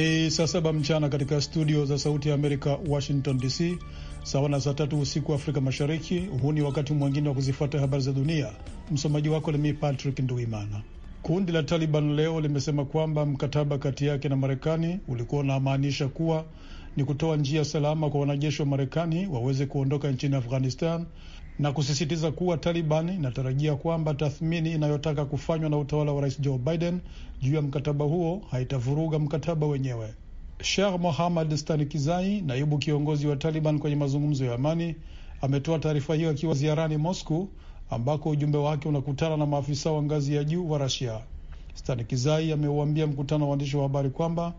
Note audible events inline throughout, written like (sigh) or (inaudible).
Ni saa saba mchana katika studio za Sauti ya Amerika, Washington DC, sawa na saa tatu usiku wa Afrika Mashariki. Huu ni wakati mwingine wa kuzifuata habari za dunia. Msomaji wako limi Patrick Nduimana. Kundi la Taliban leo limesema kwamba mkataba kati yake na Marekani ulikuwa unamaanisha kuwa ni kutoa njia salama kwa wanajeshi wa Marekani waweze kuondoka nchini Afghanistan na kusisitiza kuwa Taliban inatarajia kwamba tathmini inayotaka kufanywa na utawala wa Rais Joe Biden juu ya mkataba huo haitavuruga mkataba wenyewe. Sheikh Mohammad Stanikizai, naibu kiongozi wa Taliban kwenye mazungumzo ya amani, ametoa taarifa hiyo akiwa ziarani Moscow ambako ujumbe wake unakutana na maafisa wa ngazi ya juu wa Rasia. Stanikizai ameuambia mkutano wa waandishi wa habari kwamba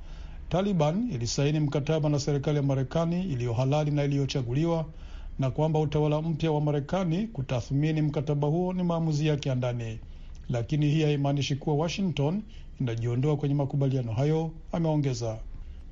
Taliban ilisaini mkataba na serikali ya Marekani iliyo halali na iliyochaguliwa na kwamba utawala mpya wa Marekani kutathmini mkataba huo ni maamuzi yake ya ndani, lakini hii haimaanishi kuwa Washington inajiondoa kwenye makubaliano hayo, ameongeza.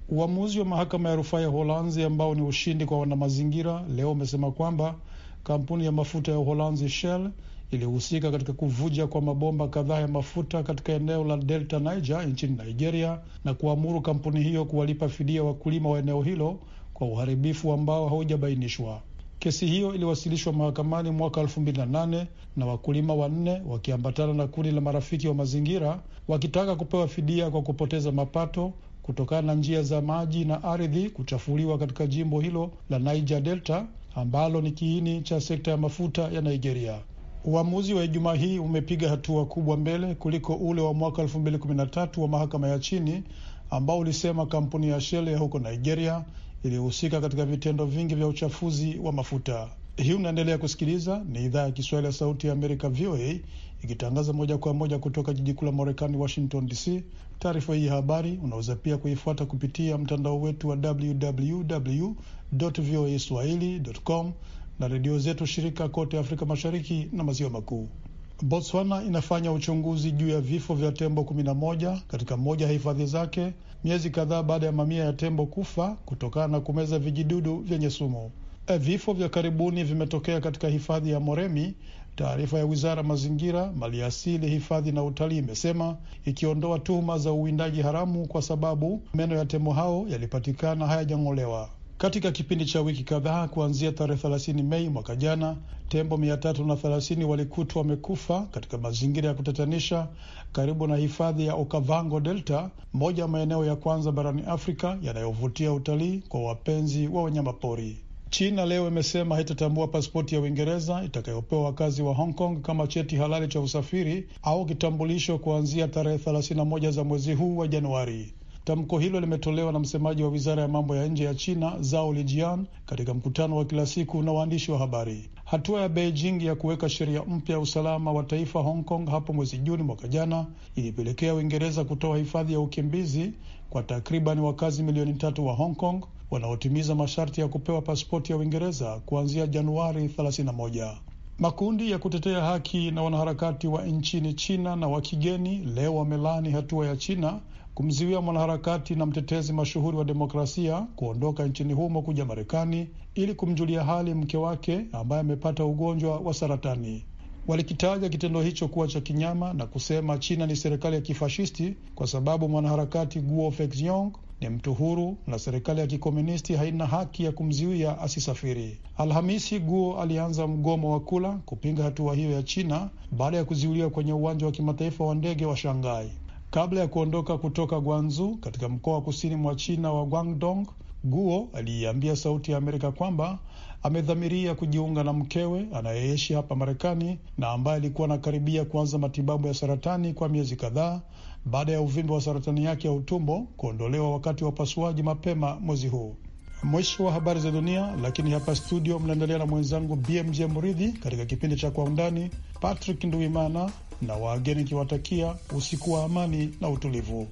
Uamuzi wa mahakama ya rufaa ya uholanzi ambao ni ushindi kwa wanamazingira leo umesema kwamba kampuni ya mafuta ya Uholanzi Shell ilihusika katika kuvuja kwa mabomba kadhaa ya mafuta katika eneo la Delta Niger nchini Nigeria na kuamuru kampuni hiyo kuwalipa fidia wakulima wa eneo hilo kwa uharibifu ambao haujabainishwa. Kesi hiyo iliwasilishwa mahakamani mwaka 2008 na wakulima wanne wakiambatana na kundi la marafiki wa mazingira wakitaka kupewa fidia kwa kupoteza mapato kutokana na njia za maji na ardhi kuchafuliwa katika jimbo hilo la Niger Delta ambalo ni kiini cha sekta ya mafuta ya Nigeria. Uamuzi wa Ijumaa hii umepiga hatua kubwa mbele kuliko ule wa mwaka 2013 wa mahakama ya chini ambao ulisema kampuni ya Shell ya huko Nigeria ilihusika katika vitendo vingi vya uchafuzi wa mafuta. Hii unaendelea kusikiliza, ni idhaa ya Kiswahili ya Sauti ya Amerika, VOA, ikitangaza moja kwa moja kutoka jiji kuu la Marekani, Washington DC. Taarifa hii ya habari unaweza pia kuifuata kupitia mtandao wetu wa www voa swahili com na redio zetu shirika kote Afrika Mashariki na Maziwa Makuu. Botswana inafanya uchunguzi juu ya vifo vya tembo 11 katika moja ya hifadhi zake, miezi kadhaa baada ya mamia ya tembo kufa kutokana na kumeza vijidudu vyenye sumu. E, vifo vya karibuni vimetokea katika hifadhi ya Moremi. Taarifa ya wizara mazingira, maliasili, hifadhi na utalii imesema ikiondoa tuhuma za uwindaji haramu, kwa sababu meno ya tembo hao yalipatikana hayajang'olewa. Katika kipindi cha wiki kadhaa kuanzia tarehe 30 Mei mwaka jana, tembo 330 walikutwa wamekufa katika mazingira ya kutatanisha karibu na hifadhi ya Okavango Delta, moja ya maeneo ya kwanza barani Afrika yanayovutia utalii kwa wapenzi wa wanyamapori. China leo imesema haitatambua pasipoti ya Uingereza itakayopewa wakazi wa Hong Kong kama cheti halali cha usafiri au kitambulisho kuanzia tarehe 31 za mwezi huu wa Januari. Tamko hilo limetolewa na msemaji wa wizara ya mambo ya nje ya China Zao Lijian katika mkutano wa kila siku na waandishi wa habari. Hatua ya Beijing ya kuweka sheria mpya ya usalama wa taifa Hong Kong hapo mwezi Juni mwaka jana ilipelekea Uingereza kutoa hifadhi ya ukimbizi kwa takriban wakazi milioni tatu wa Hong Kong wanaotimiza masharti ya kupewa pasipoti ya Uingereza kuanzia Januari 31. Makundi ya kutetea haki na wanaharakati wa nchini China na wa kigeni leo wamelaani hatua ya China kumziwia mwanaharakati na mtetezi mashuhuri wa demokrasia kuondoka nchini humo kuja Marekani ili kumjulia hali mke wake ambaye amepata ugonjwa wa saratani. Walikitaja kitendo hicho kuwa cha kinyama na kusema China ni serikali ya kifashisti kwa sababu mwanaharakati Guo Feixiong ni mtu huru na serikali ya kikomunisti haina haki ya kumziwia asisafiri. Alhamisi, Guo alianza mgomo wa kula kupinga hatua hiyo ya China baada ya kuziwiliwa kwenye uwanja wa kimataifa wa ndege wa Shanghai kabla ya kuondoka kutoka Guangzhou katika mkoa wa kusini mwa China wa Guangdong. Guo aliiambia Sauti ya Amerika kwamba amedhamiria kujiunga na mkewe anayeishi hapa Marekani na ambaye alikuwa anakaribia kuanza matibabu ya saratani kwa miezi kadhaa baada ya uvimbe wa saratani yake ya utumbo kuondolewa wakati wa upasuaji mapema mwezi huu. Mwisho wa habari za dunia, lakini hapa studio mnaendelea na mwenzangu BMJ Muridhi katika kipindi cha Kwa Undani. Patrick Nduimana na wageni, nikiwatakia usiku wa amani na utulivu.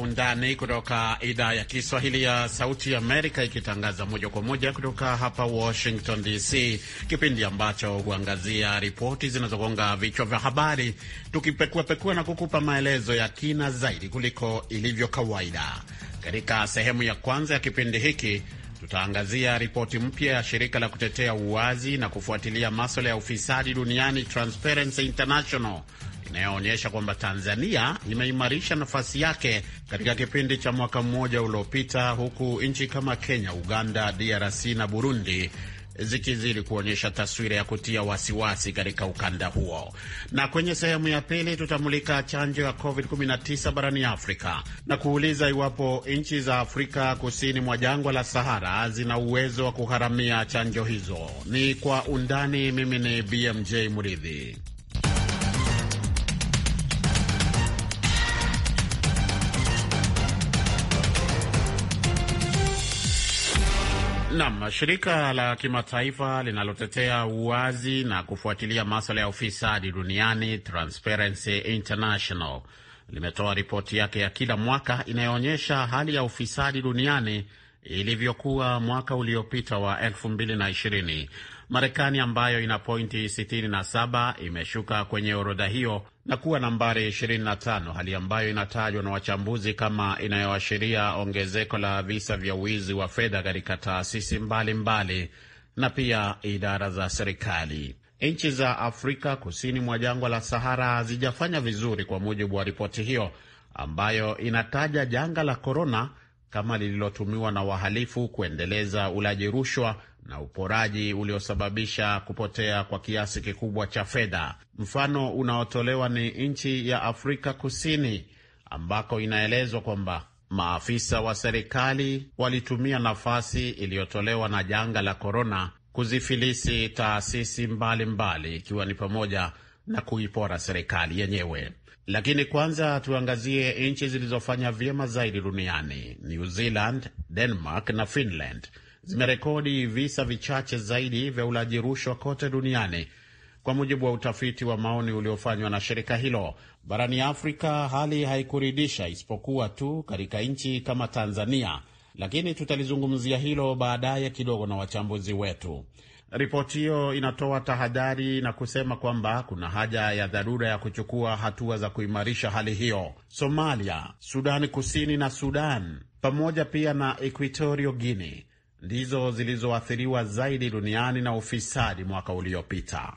undani kutoka idhaa ya Kiswahili ya Sauti Amerika, ikitangaza moja kwa moja kutoka hapa Washington DC, kipindi ambacho huangazia ripoti zinazogonga vichwa vya habari, tukipekuapekua na kukupa maelezo ya kina zaidi kuliko ilivyo kawaida. Katika sehemu ya kwanza ya kipindi hiki tutaangazia ripoti mpya ya shirika la kutetea uwazi na kufuatilia maswala ya ufisadi duniani Transparency International inayoonyesha kwamba Tanzania imeimarisha nafasi yake katika kipindi cha mwaka mmoja uliopita, huku nchi kama Kenya, Uganda, DRC na Burundi zikizidi kuonyesha taswira ya kutia wasiwasi katika ukanda huo. Na kwenye sehemu ya pili tutamulika chanjo ya COVID-19 barani Afrika na kuuliza iwapo nchi za Afrika kusini mwa jangwa la Sahara zina uwezo wa kugharamia chanjo hizo. Ni kwa undani. Mimi ni BMJ Muridhi. Naam, shirika la kimataifa linalotetea uwazi na kufuatilia maswala ya ufisadi duniani Transparency International limetoa ripoti yake ya kila mwaka inayoonyesha hali ya ufisadi duniani ilivyokuwa mwaka uliopita wa 2020. Marekani ambayo ina pointi 67 imeshuka kwenye orodha hiyo na kuwa nambari 25, hali ambayo inatajwa na wachambuzi kama inayoashiria ongezeko la visa vya wizi wa fedha katika taasisi mbalimbali mbali, na pia idara za serikali. Nchi za Afrika kusini mwa jangwa la Sahara zijafanya vizuri kwa mujibu wa ripoti hiyo ambayo inataja janga la korona kama lililotumiwa na wahalifu kuendeleza ulaji rushwa na uporaji uliosababisha kupotea kwa kiasi kikubwa cha fedha. Mfano unaotolewa ni nchi ya Afrika Kusini ambako inaelezwa kwamba maafisa wa serikali walitumia nafasi iliyotolewa na janga la korona kuzifilisi taasisi mbalimbali ikiwa mbali, ni pamoja na kuipora serikali yenyewe. Lakini kwanza tuangazie nchi zilizofanya vyema zaidi duniani. New Zealand, Denmark na Finland zimerekodi visa vichache zaidi vya ulaji rushwa kote duniani kwa mujibu wa utafiti wa maoni uliofanywa na shirika hilo. Barani Afrika hali haikuridhisha, isipokuwa tu katika nchi kama Tanzania, lakini tutalizungumzia hilo baadaye kidogo na wachambuzi wetu. Ripoti hiyo inatoa tahadhari na kusema kwamba kuna haja ya dharura ya kuchukua hatua za kuimarisha hali hiyo. Somalia, Sudani Kusini na Sudan pamoja pia na Equatorio Guinea ndizo zilizoathiriwa zaidi duniani na ufisadi mwaka uliopita.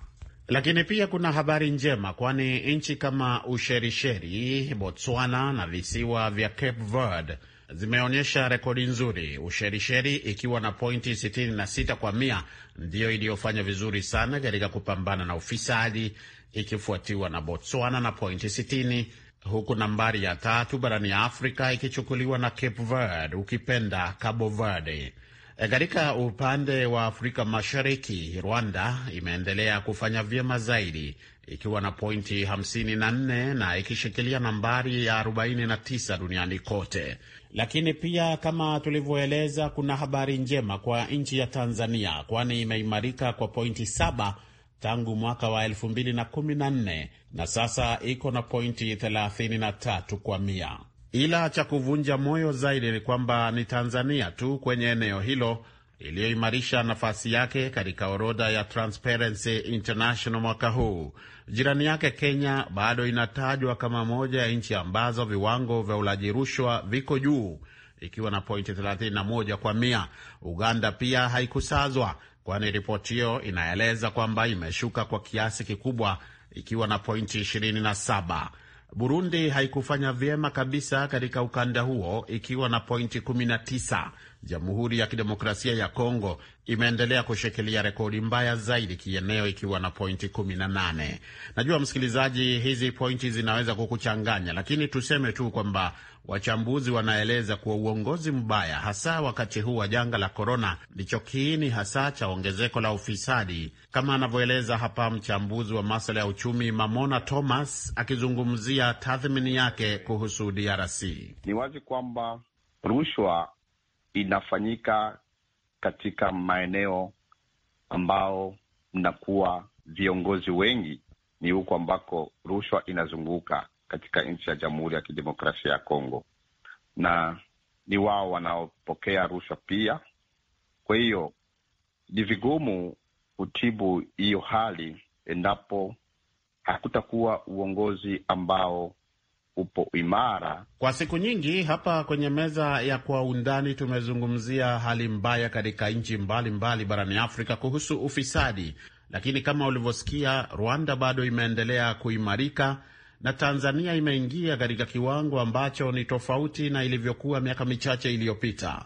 Lakini pia kuna habari njema, kwani nchi kama Usherisheri, Botswana na visiwa vya Cape Verde zimeonyesha rekodi nzuri, Usherisheri ikiwa na pointi 66 kwa mia ndiyo iliyofanya vizuri sana katika kupambana na ufisadi, ikifuatiwa na Botswana na pointi 60 huku nambari ya tatu barani Afrika ikichukuliwa na Cape Verde, ukipenda Cabo Verde. Eh, katika upande wa Afrika Mashariki, Rwanda imeendelea kufanya vyema zaidi ikiwa na pointi 54 na ikishikilia nambari ya 49 duniani kote. Lakini pia kama tulivyoeleza, kuna habari njema kwa nchi ya Tanzania, kwani imeimarika kwa pointi saba tangu mwaka wa 2014 na sasa iko na pointi 33 kwa mia. Ila cha kuvunja moyo zaidi ni kwamba ni Tanzania tu kwenye eneo hilo iliyoimarisha nafasi yake katika orodha ya Transparency International mwaka huu. Jirani yake Kenya bado inatajwa kama moja ya nchi ambazo viwango vya ulaji rushwa viko juu ikiwa na pointi 31 kwa mia. Uganda pia haikusazwa, kwani ripoti hiyo inaeleza kwamba imeshuka kwa kiasi kikubwa ikiwa na pointi 27. Burundi haikufanya vyema kabisa katika ukanda huo ikiwa na pointi 19. Jamhuri ya Kidemokrasia ya Kongo imeendelea kushikilia rekodi mbaya zaidi kieneo ikiwa na pointi 18. Najua msikilizaji, hizi pointi zinaweza kukuchanganya, lakini tuseme tu kwamba Wachambuzi wanaeleza kuwa uongozi mbaya, hasa wakati huu wa janga la korona, ndicho kiini hasa cha ongezeko la ufisadi, kama anavyoeleza hapa mchambuzi wa masuala ya uchumi Mamona Thomas akizungumzia tathmini yake kuhusu DRC. Ni wazi kwamba rushwa inafanyika katika maeneo ambao mnakuwa viongozi wengi, ni huko ambako rushwa inazunguka katika nchi ya Jamhuri ya Kidemokrasia ya Kongo, na ni wao wanaopokea rushwa pia. Kwa hiyo ni vigumu kutibu hiyo hali endapo hakutakuwa uongozi ambao upo imara. Kwa siku nyingi hapa kwenye meza ya Kwa Undani tumezungumzia hali mbaya katika nchi mbalimbali barani Afrika kuhusu ufisadi, lakini kama ulivyosikia, Rwanda bado imeendelea kuimarika na Tanzania imeingia katika kiwango ambacho ni tofauti na ilivyokuwa miaka michache iliyopita.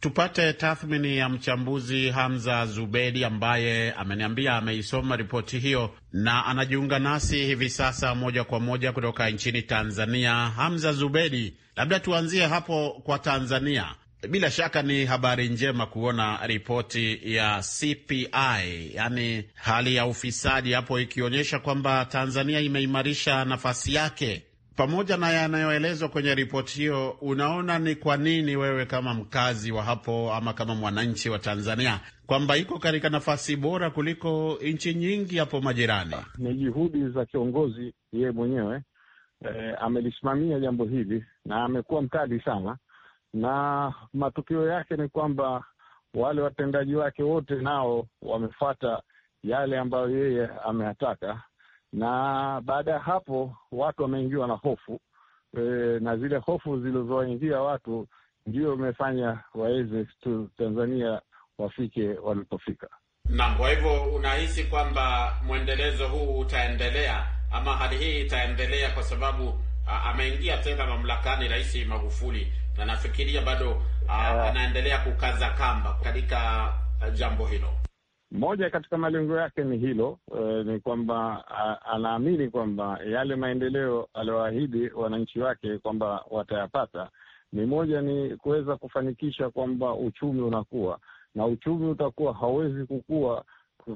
Tupate tathmini ya mchambuzi Hamza Zubedi ambaye ameniambia ameisoma ripoti hiyo na anajiunga nasi hivi sasa moja kwa moja kutoka nchini Tanzania. Hamza Zubedi, labda tuanzie hapo kwa Tanzania. Bila shaka ni habari njema kuona ripoti ya CPI, yani hali ya ufisadi hapo, ikionyesha kwamba Tanzania imeimarisha nafasi yake. Pamoja na yanayoelezwa kwenye ripoti hiyo, unaona ni kwa nini wewe kama mkazi wa hapo ama kama mwananchi wa Tanzania kwamba iko katika nafasi bora kuliko nchi nyingi hapo majirani? Ni juhudi za kiongozi yeye mwenyewe, eh, amelisimamia jambo hili na amekuwa mkali sana na matukio yake ni kwamba wale watendaji wake wote nao wamefata yale ambayo yeye ameyataka, na baada ya hapo watu wameingiwa na hofu e, na zile hofu zilizowaingia watu ndio imefanya waweze tu Tanzania wafike walipofika. Na kwa hivyo unahisi kwamba mwendelezo huu utaendelea ama hali hii itaendelea, kwa sababu ameingia tena mamlakani Rais Magufuli na nafikiria bado ah, eh. anaendelea kukaza kamba katika eh, jambo hilo. Moja katika malengo yake ni hilo e, ni kwamba ah, anaamini kwamba yale maendeleo aliyoahidi wananchi wake kwamba watayapata ni moja, ni kuweza kufanikisha kwamba uchumi unakuwa na uchumi utakuwa hauwezi kukua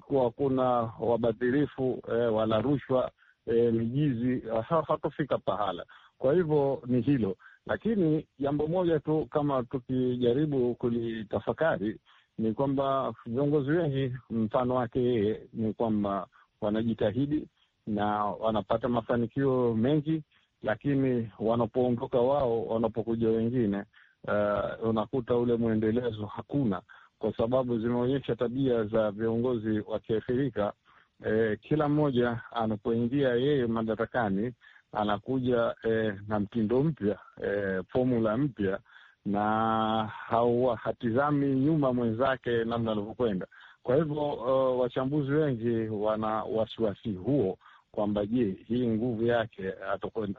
kuwa kuna wabadhirifu e, wala rushwa e, mijizi, hatofika pahala. Kwa hivyo ni hilo lakini jambo moja tu, kama tukijaribu kulitafakari, ni kwamba viongozi wengi mfano wake yeye ni kwamba wanajitahidi na wanapata mafanikio mengi, lakini wanapoondoka wao, wanapokuja wengine, uh, unakuta ule mwendelezo hakuna, kwa sababu zimeonyesha tabia za viongozi wa Kiafrika. Eh, kila mmoja anapoingia yeye madarakani anakuja eh, na mtindo mpya eh, fomula mpya na hatizami nyuma mwenzake namna alivyokwenda. Kwa hivyo uh, wachambuzi wengi wana wasiwasi huo kwamba je, hii nguvu yake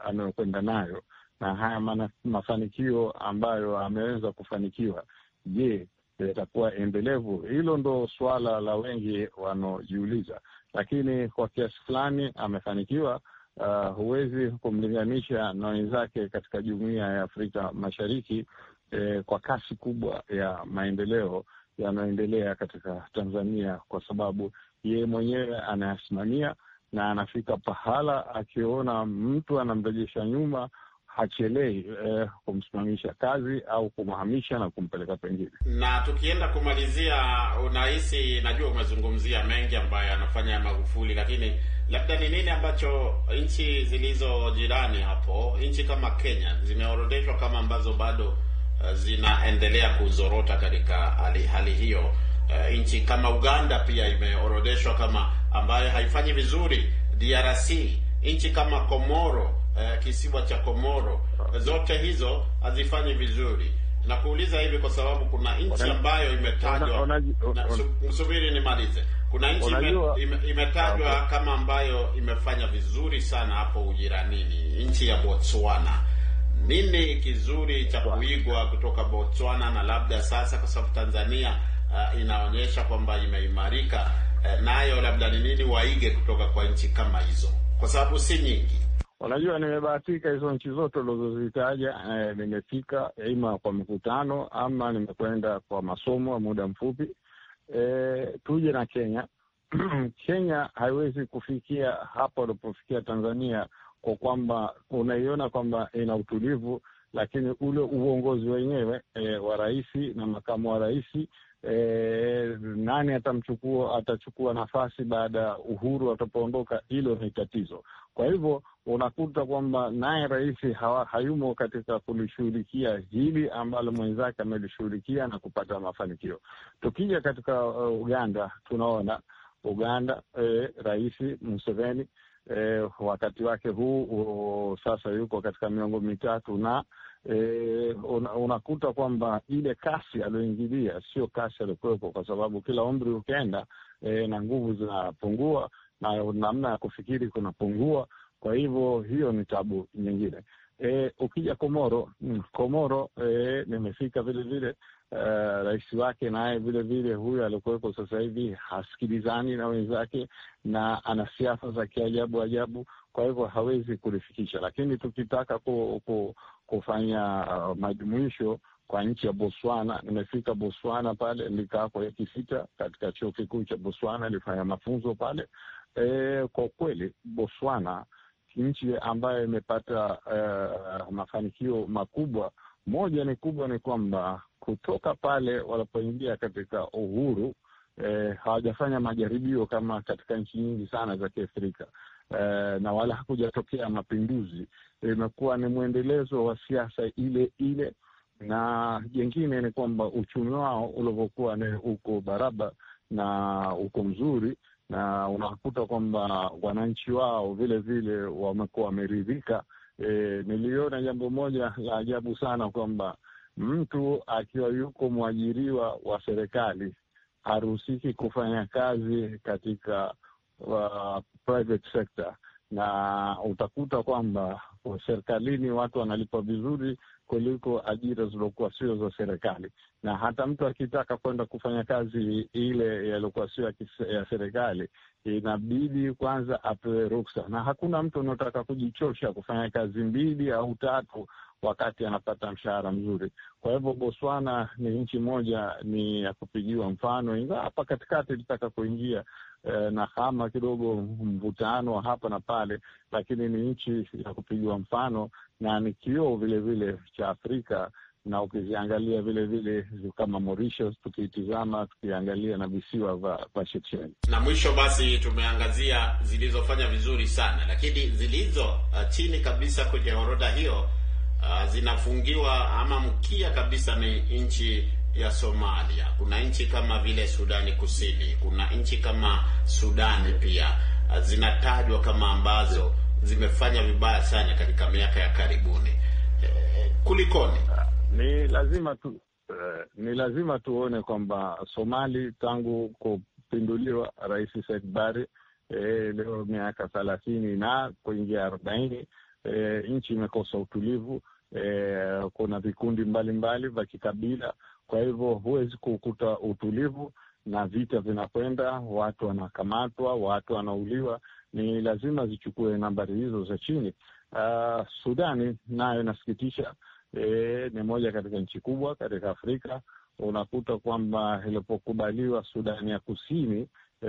anayokwenda nayo na haya mana, mafanikio ambayo ameweza kufanikiwa, je, yatakuwa endelevu? Hilo ndo suala la wengi wanaojiuliza, lakini kwa kiasi fulani amefanikiwa uh, huwezi kumlinganisha na wenzake katika jumuiya ya Afrika Mashariki eh, kwa kasi kubwa ya maendeleo yanayoendelea katika Tanzania, kwa sababu yeye mwenyewe anayasimamia na anafika pahala akiona mtu anamrejesha nyuma hachelei eh, kumsimamisha kazi au kumhamisha na kumpeleka pengine. Na tukienda kumalizia, unahisi, najua umezungumzia mengi ambayo anafanya Magufuli, lakini labda ni nini ambacho nchi zilizo jirani hapo, nchi kama Kenya zimeorodeshwa kama ambazo bado eh, zinaendelea kuzorota katika hali, hali hiyo. Uh, nchi kama Uganda pia imeorodeshwa kama ambayo haifanyi vizuri, DRC, nchi kama Komoro eh, kisiwa cha Komoro. Zote hizo hazifanyi vizuri. Nakuuliza hivi kwa sababu kuna nchi ambayo imetajwa, msubiri nimalize. Kuna nchi imetajwa ime, kama ambayo imefanya vizuri sana hapo ujiranini, nchi ya Botswana. Nini kizuri cha kuigwa kutoka Botswana na labda sasa, kwa sababu Tanzania uh, inaonyesha kwamba imeimarika, uh, nayo labda ni nini waige kutoka kwa nchi kama hizo, kwa sababu si nyingi. Unajua, nimebahatika hizo nchi zote ulizozitaja eh, nimefika ima kwa mikutano ama nimekwenda kwa masomo ya muda mfupi. Eh, tuje na Kenya (clears throat) Kenya haiwezi kufikia hapa ulipofikia Tanzania kwa kwamba unaiona kwamba ina utulivu, lakini ule uongozi wenyewe e, wa rais na makamu wa rais e, nani atamchukua, atachukua nafasi baada ya Uhuru atapoondoka, hilo ni tatizo. Kwa hivyo unakuta kwamba naye rais hayumo katika kulishughulikia hili ambalo mwenzake amelishughulikia na kupata mafanikio. Tukija katika uh, Uganda tunaona Uganda eh, rais Museveni eh, wakati wake huu uh, sasa yuko katika miongo mitatu na e, unakuta una kwamba ile kasi aliyoingilia sio kasi aliyokuwepo, kwa sababu kila umri ukienda e, na nguvu zinapungua na namna ya kufikiri kunapungua. Kwa hivyo hiyo ni tabu nyingine. E, ukija Komoro, mm, Komoro e, nimefika vile vile Uh, rais wake naye vile vile huyo alikuwepo sasa hivi hasikilizani na wenzake na ana siasa za kiajabu ajabu, kwa hivyo hawezi kulifikisha. Lakini tukitaka ku, ku, kufanya uh, majumuisho kwa nchi ya Botswana. Nimefika Botswana pale, nilikaa kwa wiki sita katika chuo kikuu cha Botswana, nilifanya mafunzo pale. E, kwa kweli Botswana nchi ambayo imepata uh, mafanikio makubwa. Moja ni kubwa ni kwamba kutoka pale walipoingia katika uhuru eh, hawajafanya majaribio kama katika nchi nyingi sana za Kiafrika. Eh, na wala hakujatokea mapinduzi. Imekuwa ni mwendelezo wa siasa ile ile, na jengine ni kwamba uchumi wao ulivyokuwa ni uko baraba na uko mzuri, na unakuta kwamba wananchi wao vile vile wamekuwa wameridhika. E, eh, niliona jambo moja la ajabu sana kwamba mtu akiwa yuko mwajiriwa wa serikali haruhusiki kufanya kazi katika wa private sector, na utakuta kwamba serikalini watu wanalipwa vizuri kuliko ajira zilizokuwa sio za serikali. Na hata mtu akitaka kwenda kufanya kazi ile yaliyokuwa sio ya serikali, inabidi kwanza apewe ruksa, na hakuna mtu anaotaka kujichosha kufanya kazi mbili au tatu wakati anapata mshahara mzuri. Kwa hivyo Botswana ni nchi moja ni ya kupigiwa mfano, ingawa hapa katikati ilitaka kuingia Eh, na hama kidogo mvutano hapa na pale, lakini ni nchi ya kupigiwa mfano na ni kioo vilevile cha Afrika na ukiziangalia vile vile kama Mauritius, tukiitizama tukiangalia na visiwa vya Seychelles. Na mwisho basi, tumeangazia zilizofanya vizuri sana, lakini zilizo uh, chini kabisa kwenye orodha hiyo uh, zinafungiwa ama mkia kabisa ni nchi ya Somalia, kuna nchi kama vile Sudani Kusini, kuna nchi kama Sudani pia zinatajwa kama ambazo zimefanya vibaya sana katika miaka ya karibuni. Eh, kulikoni? Ah, ni lazima tu eh, ni lazima tuone kwamba Somali tangu kupinduliwa Rais Said Barre e, leo miaka thelathini na kuingia arobaini e, nchi imekosa utulivu. E, kuna vikundi mbalimbali vya kikabila kwa hivyo huwezi kukuta utulivu, na vita vinakwenda, watu wanakamatwa, watu wanauliwa. Ni lazima zichukue nambari hizo za chini. Uh, Sudani nayo inasikitisha, e, ni moja katika nchi kubwa katika Afrika. Unakuta kwamba ilipokubaliwa Sudani ya Kusini e,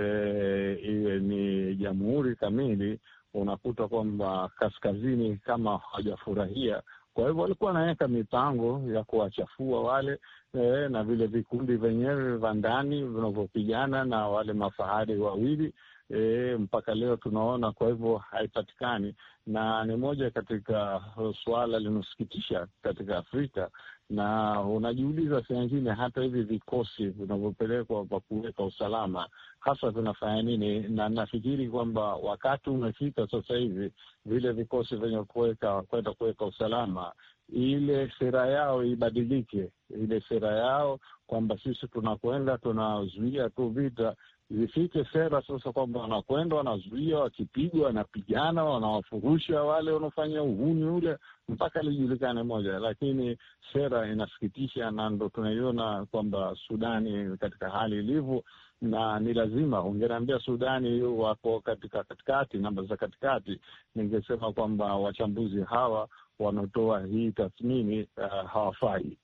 iwe e, ni jamhuri kamili, unakuta kwamba kaskazini kama hawajafurahia kwa hivyo walikuwa wanaweka mipango ya kuwachafua wale e, na vile vikundi vyenyewe vya ndani vinavyopigana na wale mafahari wawili e, mpaka leo tunaona. Kwa hivyo haipatikani, na ni moja katika uh, suala linasikitisha katika Afrika, na unajiuliza saa nyingine hata hivi vikosi vinavyopelekwa kwa kuweka usalama hasa vinafanya nini, na nafikiri kwamba wakati umefika sasa hivi vile vikosi vyenye kuweka kwenda kuweka usalama ile sera yao ibadilike, ile sera yao kwamba sisi tunakwenda tunazuia tu vita, zifike sera sasa kwamba wanakwenda wanazuia, wakipigwa wanapigana, wanawafurusha wale wanaofanya uhuni ule mpaka lijulikane moja. Lakini sera inasikitisha, na ndo tunaiona kwamba Sudani katika hali ilivyo, na ni lazima ungeniambia Sudani wako katika katikati, namba za katikati, ningesema kwamba wachambuzi hawa wanaotoa hii tathmini uh, hawafai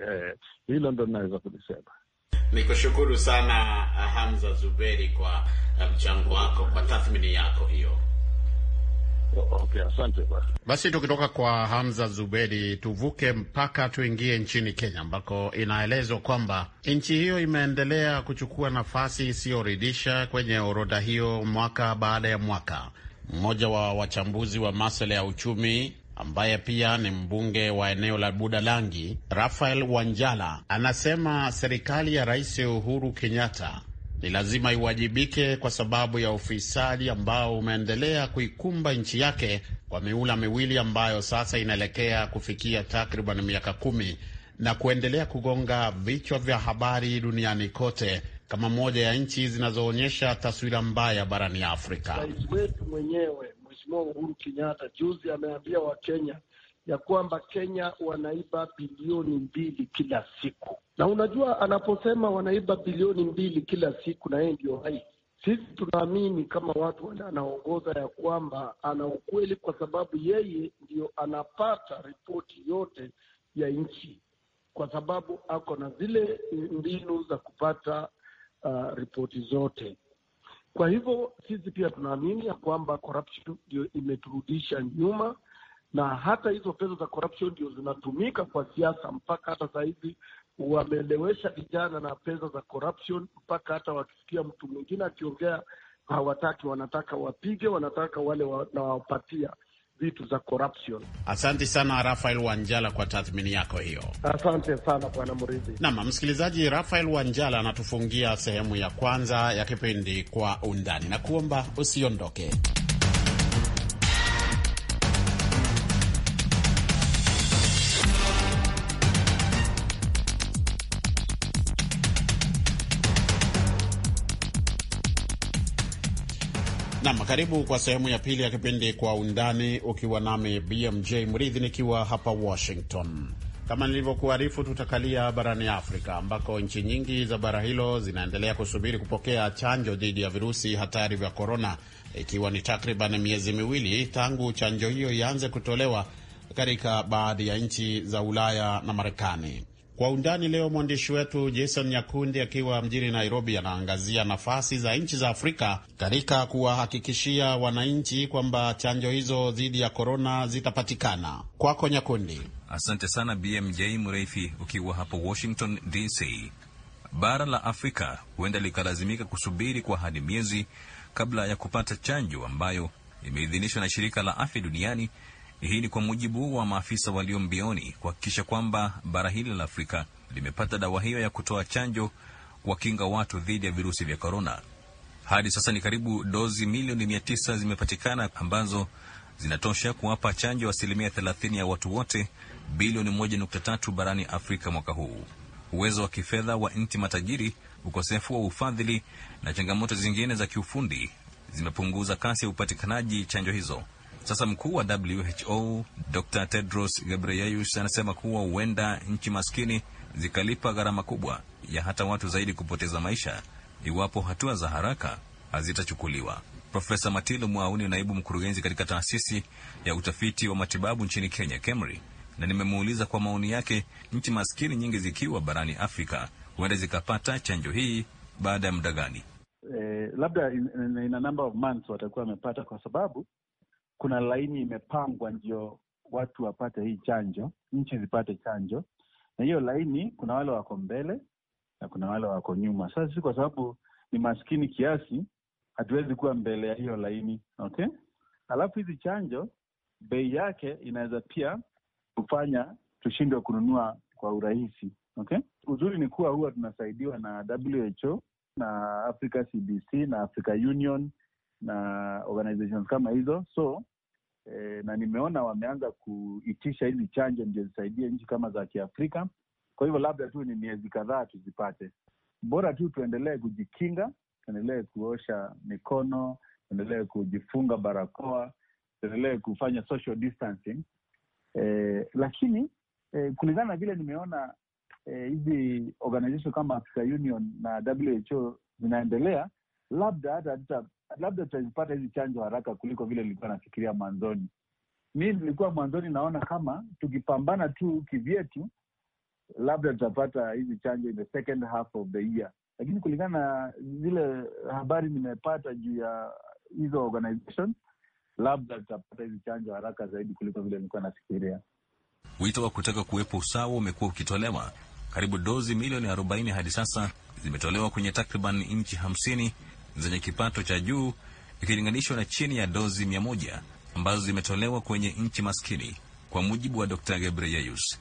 (laughs) hilo ndo linaweza kulisema ni kushukuru sana uh, Hamza Zuberi kwa uh, mchango wako, kwa tathmini yako hiyo. Okay, asante basi. tukitoka kwa Hamza Zuberi tuvuke mpaka tuingie nchini Kenya ambako inaelezwa kwamba nchi hiyo imeendelea kuchukua nafasi isiyoridhisha kwenye orodha hiyo mwaka baada ya mwaka. Mmoja wa wachambuzi wa masuala ya uchumi ambaye pia ni mbunge wa eneo la Budalangi, Rafael Wanjala, anasema serikali ya Rais Uhuru Kenyatta ni lazima iwajibike kwa sababu ya ufisadi ambao umeendelea kuikumba nchi yake kwa miula miwili ambayo sasa inaelekea kufikia takriban miaka kumi na kuendelea kugonga vichwa vya habari duniani kote kama moja ya nchi zinazoonyesha taswira mbaya barani Afrika. Rais wetu mwenyewe Mheshimiwa Uhuru Kenyatta juzi ameambia Wakenya ya kwamba Kenya wanaiba bilioni mbili kila siku, na unajua anaposema wanaiba bilioni mbili kila siku, na yeye ndio hai Sisi tunaamini kama watu wale anaongoza ya kwamba ana ukweli, kwa sababu yeye ndio anapata ripoti yote ya nchi, kwa sababu ako na zile mbinu za kupata uh, ripoti zote. Kwa hivyo sisi pia tunaamini ya kwamba corruption ndio imeturudisha nyuma, na hata hizo pesa za corruption ndio zinatumika kwa siasa mpaka hata sahizi wameelewesha vijana na pesa za corruption, mpaka hata wakisikia mtu mwingine akiongea hawataki, wanataka wapige, wanataka wale wanawapatia vitu za corruption. Asante sana Rafael Wanjala kwa tathmini yako hiyo. Asante sana bwana Mridhi. Naam, msikilizaji, Rafael Wanjala anatufungia sehemu ya kwanza ya kipindi kwa undani na kuomba usiondoke. Karibu kwa sehemu ya pili ya kipindi Kwa Undani, ukiwa nami BMJ Mridhi nikiwa hapa Washington. Kama nilivyokuarifu, tutakalia barani Afrika ambako nchi nyingi za bara hilo zinaendelea kusubiri kupokea chanjo dhidi ya virusi hatari vya korona, ikiwa ni takriban miezi miwili tangu chanjo hiyo ianze kutolewa katika baadhi ya nchi za Ulaya na Marekani. Kwa undani leo, mwandishi wetu Jason Nyakundi akiwa mjini Nairobi anaangazia nafasi za nchi za Afrika katika kuwahakikishia wananchi kwamba chanjo hizo dhidi ya korona zitapatikana. Kwako Nyakundi. Asante sana BMJ Mreithi ukiwa hapo Washington DC. Bara la Afrika huenda likalazimika kusubiri kwa hadi miezi kabla ya kupata chanjo ambayo imeidhinishwa na shirika la afya duniani hii ni kwa mujibu wa maafisa walio mbioni kuhakikisha kwamba bara hili la Afrika limepata dawa hiyo ya kutoa chanjo kuwakinga watu dhidi ya virusi vya korona. Hadi sasa ni karibu dozi milioni mia tisa zimepatikana ambazo zinatosha kuwapa chanjo asilimia thelathini ya watu wote bilioni moja nukta tatu barani Afrika mwaka huu. Uwezo wa kifedha wa nchi matajiri, ukosefu wa ufadhili na changamoto zingine za kiufundi zimepunguza kasi ya upatikanaji chanjo hizo. Sasa mkuu wa WHO Dr Tedros Ghebreyesus anasema kuwa huenda nchi maskini zikalipa gharama kubwa ya hata watu zaidi kupoteza maisha iwapo hatua za haraka hazitachukuliwa. Profesa Matilu Mwauni, naibu mkurugenzi katika taasisi ya utafiti wa matibabu nchini Kenya, KEMRI, na nimemuuliza kwa maoni yake, nchi maskini nyingi zikiwa barani Afrika huenda zikapata chanjo hii baada ya muda gani? Eh, labda in, in, in a number of months watakuwa wamepata, kwa sababu kuna laini imepangwa ndio watu wapate hii chanjo, nchi zipate chanjo, na hiyo laini kuna wale wako mbele na kuna wale wako nyuma. Sasa sisi kwa sababu ni maskini kiasi, hatuwezi kuwa mbele ya hiyo laini, okay. Alafu hizi chanjo bei yake inaweza pia kufanya tushindwe kununua kwa urahisi, okay. Uzuri ni kuwa huwa tunasaidiwa na WHO na Africa CDC na Africa Union na organizations kama hizo so eh, na nimeona wameanza kuitisha hizi chanjo ndio zisaidie nchi kama za Kiafrika. Kwa hivyo labda tu ni miezi kadhaa tuzipate, bora tu tuendelee kujikinga, tuendelee kuosha mikono, tuendelee kujifunga barakoa, tuendelee kufanya social distancing eh, lakini eh, kulingana na vile nimeona eh, hizi eh, organization kama Africa Union na WHO zinaendelea, labda hata labda tutazipata hizi chanjo haraka kuliko vile nilikuwa nafikiria mwanzoni. Mi nilikuwa mwanzoni naona kama tukipambana tu kivyetu, labda tutapata hizi chanjo in the second half of the year, lakini kulingana na zile habari nimepata juu ya hizo labda tutapata hizi chanjo haraka zaidi kuliko vile nilikuwa nafikiria. Wito wa kutaka kuwepo usawa umekuwa ukitolewa. Karibu dozi milioni arobaini hadi sasa zimetolewa kwenye takriban nchi hamsini zenye kipato cha juu ikilinganishwa na chini ya dozi mia moja ambazo zimetolewa kwenye nchi maskini, kwa mujibu wa Dr Gebreyesus.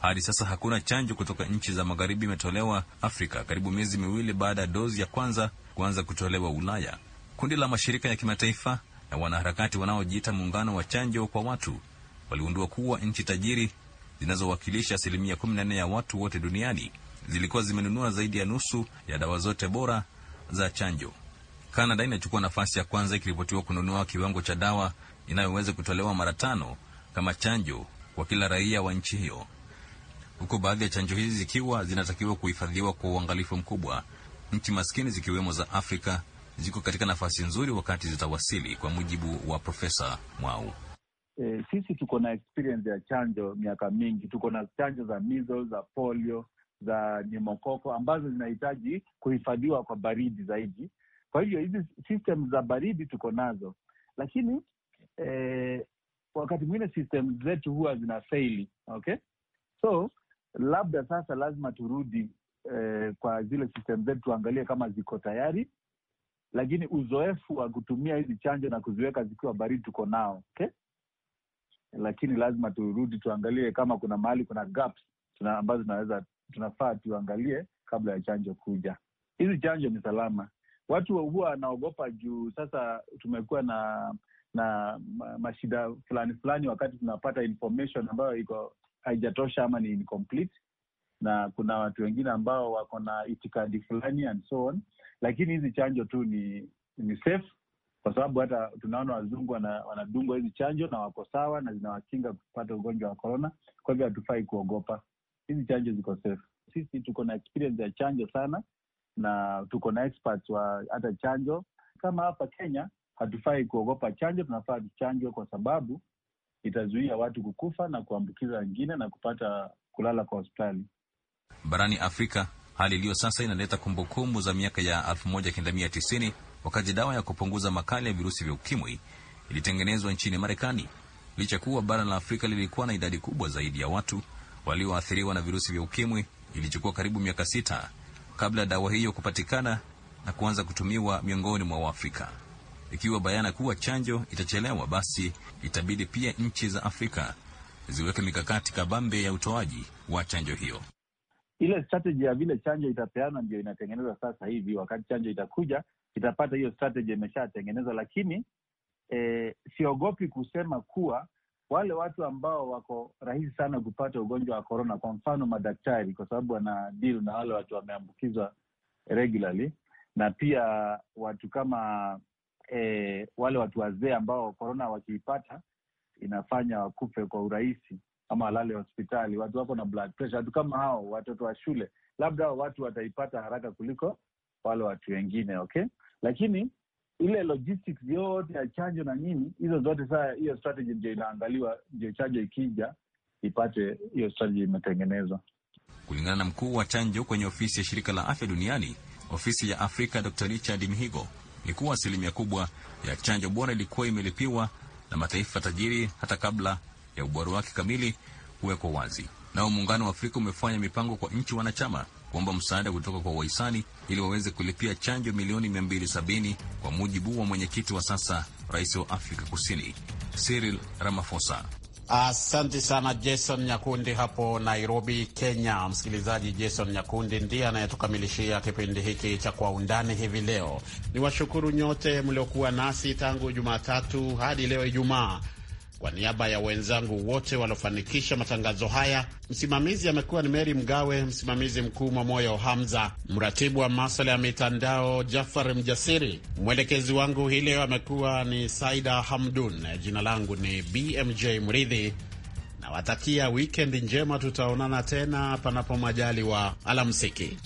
Hadi sasa hakuna chanjo kutoka nchi za magharibi imetolewa Afrika, karibu miezi miwili baada ya dozi ya kwanza kuanza kutolewa Ulaya. Kundi la mashirika ya kimataifa na wanaharakati wanaojiita muungano wa chanjo kwa watu waligundua kuwa nchi tajiri zinazowakilisha asilimia 14 ya watu wote duniani zilikuwa zimenunua zaidi ya nusu ya dawa zote bora za chanjo. Canada inachukua nafasi ya kwanza ikiripotiwa kununua kiwango cha dawa inayoweza kutolewa mara tano kama chanjo kwa kila raia wa nchi hiyo, huku baadhi ya chanjo hizi zikiwa zinatakiwa kuhifadhiwa kwa uangalifu mkubwa. Nchi maskini zikiwemo za Afrika ziko katika nafasi nzuri wakati zitawasili, kwa mujibu wa Profesa Mwau. E, sisi tuko na experience ya chanjo miaka mingi. Tuko na chanjo za measles, za polio, za nyemokoko ambazo zinahitaji kuhifadhiwa kwa baridi zaidi kwa hivyo hizi system za baridi tuko nazo, lakini eh, wakati mwingine system zetu huwa zinafeili. Okay, so labda sasa lazima turudi eh, kwa zile system zetu tuangalie kama ziko tayari, lakini uzoefu wa kutumia hizi chanjo na kuziweka zikiwa baridi tuko nao. Okay, lakini lazima turudi tuangalie kama kuna mahali kuna gaps tuna, ambazo tunaweza tunafaa tuangalie kabla ya chanjo kuja. Hizi chanjo ni salama watu huwa wanaogopa juu sasa tumekuwa na na mashida fulani fulani wakati tunapata information ambayo iko haijatosha ama ni incomplete na kuna watu wengine ambao wako na itikadi fulani and so on, lakini hizi chanjo tu ni ni safe kwa sababu hata tunaona wazungu wanadungwa hizi chanjo na wako sawa na zinawakinga kupata ugonjwa wa korona. Kwa hivyo hatufai kuogopa, hizi chanjo ziko safe. Sisi tuko na experience ya chanjo sana, na tuko na experts wa hata chanjo. Kama hapa Kenya hatufai kuogopa chanjo, tunafaa tuchanjwe kwa sababu itazuia watu kukufa na kuambukiza wengine na kupata kulala kwa hospitali. Barani Afrika, hali iliyo sasa inaleta kumbukumbu za miaka ya 1990 wakati dawa ya kupunguza makali ya virusi vya ukimwi ilitengenezwa nchini Marekani. Licha kuwa bara la Afrika lilikuwa na idadi kubwa zaidi ya watu walioathiriwa na virusi vya ukimwi, ilichukua karibu miaka sita kabla dawa hiyo kupatikana na kuanza kutumiwa miongoni mwa Waafrika. Ikiwa bayana kuwa chanjo itachelewa, basi itabidi pia nchi za Afrika ziweke mikakati kabambe ya utoaji wa chanjo hiyo. Ile strategy ya vile chanjo itapeana ndio inatengeneza sasa hivi. Wakati chanjo itakuja, itapata hiyo strategy imeshatengenezwa, lakini eh, siogopi kusema kuwa wale watu ambao wako rahisi sana kupata ugonjwa wa korona, kwa mfano madaktari, kwa sababu wana deal na wale watu wameambukizwa regularly, na pia watu kama e, wale watu wazee ambao korona wakiipata inafanya wakufe kwa urahisi ama walale hospitali, watu wako na blood pressure, watu kama hao, watoto wa shule, labda watu wataipata haraka kuliko wale watu wengine, okay? Lakini ile logistics yote ya chanjo na nini hizo zote, saa hiyo strategy ndio inaangaliwa, ndio chanjo ikija ipate hiyo strategy imetengenezwa kulingana na mkuu wa chanjo kwenye ofisi ya shirika la afya duniani ofisi ya Afrika, Dr Richard Mihigo, ni kuwa asilimia kubwa ya chanjo bora ilikuwa imelipiwa na mataifa tajiri hata kabla ya ubora wake kamili kuwekwa wazi. Nao muungano wa Afrika umefanya mipango kwa nchi wanachama kuomba msaada kutoka kwa wahisani ili waweze kulipia chanjo milioni 270 kwa mujibu wa mwenyekiti wa sasa, rais wa Afrika Kusini Cyril Ramaphosa. Asante sana Jason Nyakundi hapo Nairobi, Kenya. Msikilizaji, Jason Nyakundi ndiye anayetukamilishia kipindi hiki cha Kwa Undani hivi leo. Ni washukuru nyote mliokuwa nasi tangu Jumatatu hadi leo Ijumaa. Kwa niaba ya wenzangu wote waliofanikisha matangazo haya, msimamizi amekuwa ni Meri Mgawe, msimamizi mkuu Mwamoyo Hamza, mratibu wa maswala ya mitandao Jafar Mjasiri, mwelekezi wangu hii leo amekuwa ni Saida Hamdun. Jina langu ni BMJ Mridhi, nawatakia wikendi njema. Tutaonana tena panapo majaliwa. Alamsiki.